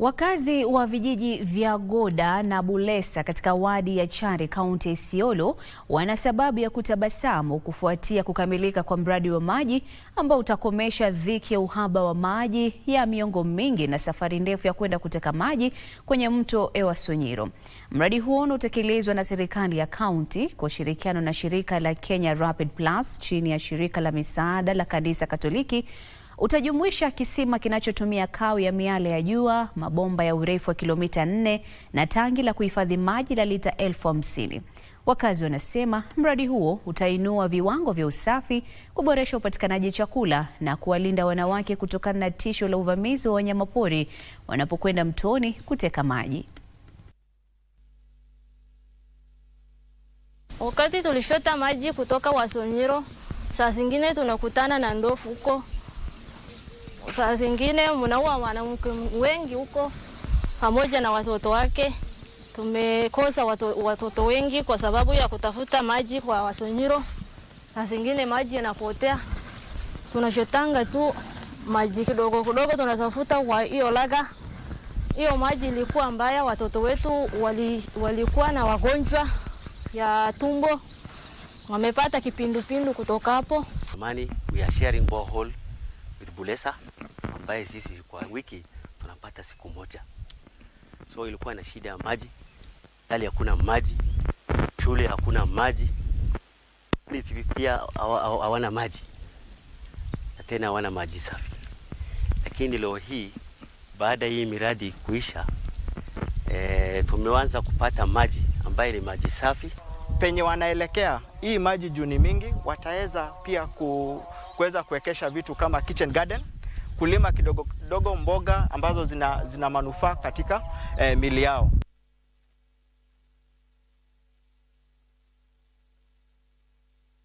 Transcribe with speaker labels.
Speaker 1: Wakazi wa vijiji vya Goda na Bulesa katika wadi ya Chari kaunti ya Isiolo wana sababu ya kutabasamu kufuatia kukamilika kwa mradi wa maji ambao utakomesha dhiki ya uhaba wa maji ya miongo mingi na safari ndefu ya kwenda kuteka maji kwenye mto Ewasonyiro. Mradi huo unatekelezwa na serikali ya kaunti kwa ushirikiano na shirika la Kenya Rapid Plus chini ya shirika la misaada la kanisa Katoliki utajumuisha kisima kinachotumia kawi ya miale ya jua, mabomba ya urefu wa kilomita nne na tangi la kuhifadhi maji la lita elfu hamsini. Wakazi wanasema mradi huo utainua viwango vya usafi, kuboresha upatikanaji chakula na kuwalinda wanawake kutokana na tisho la uvamizi wa wanyamapori wanapokwenda mtoni kuteka maji.
Speaker 2: Wakati tulishota maji kutoka Wasonyiro, saa zingine tunakutana na ndofu huko saa zingine mnaua mwanamke wengi huko pamoja na watoto wake. Tumekosa watu, watoto wengi kwa sababu ya kutafuta maji kwa Wasonyiro, na zingine maji yanapotea, tunashotanga tu maji kidogo kidogo tunatafuta kwa hiyo laga. Hiyo maji ilikuwa mbaya, watoto wetu wali, walikuwa na wagonjwa ya tumbo, wamepata kipindupindu kutoka hapo.
Speaker 3: Amani, we are sharing borehole Bulesa ambaye sisi kwa wiki tunapata siku moja. So ilikuwa na shida ya maji, hali hakuna maji, shule hakuna maji, pia hawana maji na tena hawana maji safi. Lakini leo hii baada hii miradi kuisha, e, tumeanza kupata maji ambaye ni maji safi
Speaker 4: penye wanaelekea. Hii maji juu ni mingi, wataweza pia ku kuweza kuwekesha vitu kama kitchen garden, kulima kidogo kidogo mboga ambazo zina, zina manufaa katika eh, mili yao.